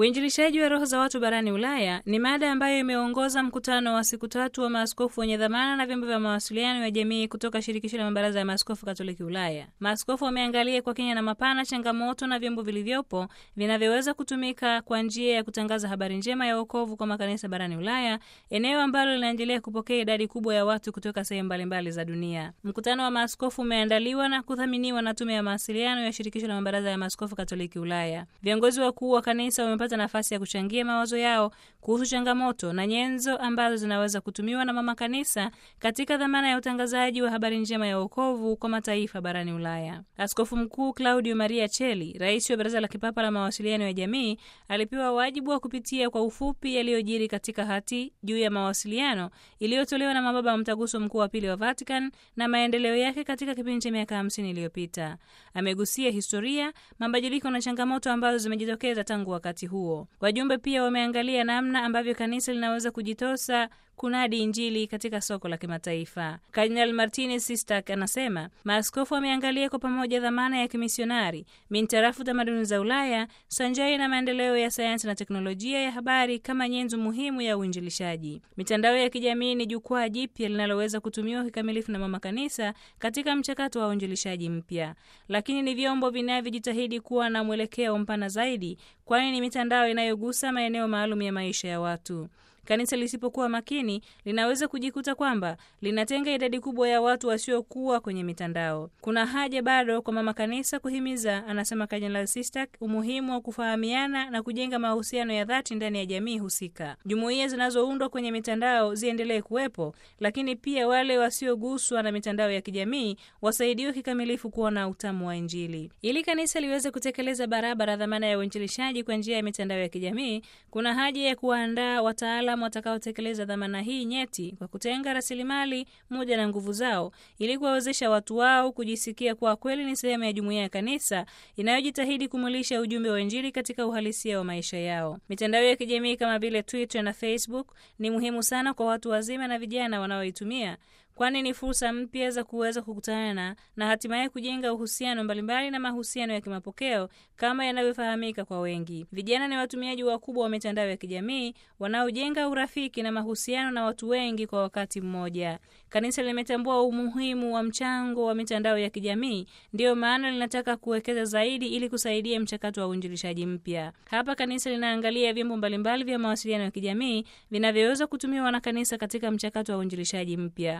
Uinjilishaji wa roho za watu barani Ulaya ni mada ambayo imeongoza mkutano wa siku tatu wa maaskofu wenye dhamana na vyombo vya mawasiliano ya jamii kutoka shirikisho la mabaraza ya maaskofu Katoliki Ulaya. Maaskofu wameangalia kwa kina na mapana changamoto na vyombo vilivyopo vinavyoweza kutumika kwa njia ya kutangaza habari njema ya wokovu kwa makanisa barani Ulaya, eneo ambalo linaendelea kupokea idadi kubwa ya watu kutoka sehemu mbalimbali za dunia. Mkutano wa maaskofu umeandaliwa na kuthaminiwa na tume ya mawasiliano ya shirikisho la mabaraza ya maaskofu Katoliki Ulaya. Viongozi wakuu wa kanisa wamepata kupata nafasi ya kuchangia mawazo yao kuhusu changamoto na nyenzo ambazo zinaweza kutumiwa na mama kanisa katika dhamana ya utangazaji wa habari njema ya wokovu kwa mataifa barani Ulaya. Askofu Mkuu Claudio Maria Cheli, rais wa Baraza la Kipapa la Mawasiliano ya Jamii, alipewa wajibu wa kupitia kwa ufupi yaliyojiri katika hati juu ya mawasiliano iliyotolewa na mababa wa Mtaguso Mkuu wa Pili wa Vatican na maendeleo yake katika kipindi cha miaka hamsini iliyopita. Amegusia historia, mabadiliko na changamoto ambazo zimejitokeza tangu wakati huu huo. Wajumbe pia wameangalia namna ambavyo kanisa linaweza kujitosa kunadi Injili katika soko la kimataifa. Kardinal Martinez Sistak anasema maaskofu wameangalia kwa pamoja dhamana ya kimisionari mintarafu tamaduni za Ulaya sanjari na maendeleo ya sayansi na teknolojia ya habari kama nyenzo muhimu ya uinjilishaji. Mitandao ya kijamii ni jukwaa jipya linaloweza kutumiwa kikamilifu na mama kanisa katika mchakato wa uinjilishaji mpya, lakini ni vyombo vinavyojitahidi kuwa na mwelekeo mpana zaidi, kwani ni mitandao inayogusa maeneo maalum ya maisha ya watu. Kanisa lisipokuwa makini linaweza kujikuta kwamba linatenga idadi kubwa ya watu wasiokuwa kwenye mitandao. Kuna haja bado kwa mama kanisa kuhimiza, anasema Kardinali Sistak, umuhimu wa kufahamiana na kujenga mahusiano ya dhati ndani ya jamii husika. Jumuiya zinazoundwa kwenye mitandao ziendelee kuwepo, lakini pia wale wasioguswa na mitandao ya kijamii wasaidiwe kikamilifu kuona utamu wa Injili. Ili kanisa liweze kutekeleza barabara dhamana ya uinjilishaji kwa njia ya mitandao ya kijamii, kuna haja ya kuwaandaa wataalamu wataalamu watakaotekeleza dhamana hii nyeti kwa kutenga rasilimali moja na nguvu zao ili kuwawezesha watu wao kujisikia kuwa kweli ni sehemu ya jumuiya ya kanisa inayojitahidi kumulisha ujumbe wa Injili katika uhalisia wa maisha yao. Mitandao ya kijamii kama vile Twitter na Facebook ni muhimu sana kwa watu wazima na vijana wanaoitumia kwani ni fursa mpya za kuweza kukutana na, hatimaye kujenga uhusiano mbalimbali na mahusiano ya kimapokeo kama yanavyofahamika kwa wengi. Vijana ni watumiaji wakubwa wa mitandao ya kijamii wanaojenga urafiki na mahusiano na watu wengi kwa wakati mmoja. Kanisa limetambua umuhimu wa mchango wa mitandao ya kijamii, ndiyo maana linataka kuwekeza zaidi ili kusaidia mchakato wa uinjilishaji mpya. Hapa kanisa linaangalia vyombo mbalimbali vya mawasiliano ya kijamii vinavyoweza kutumiwa na kanisa katika mchakato wa uinjilishaji mpya.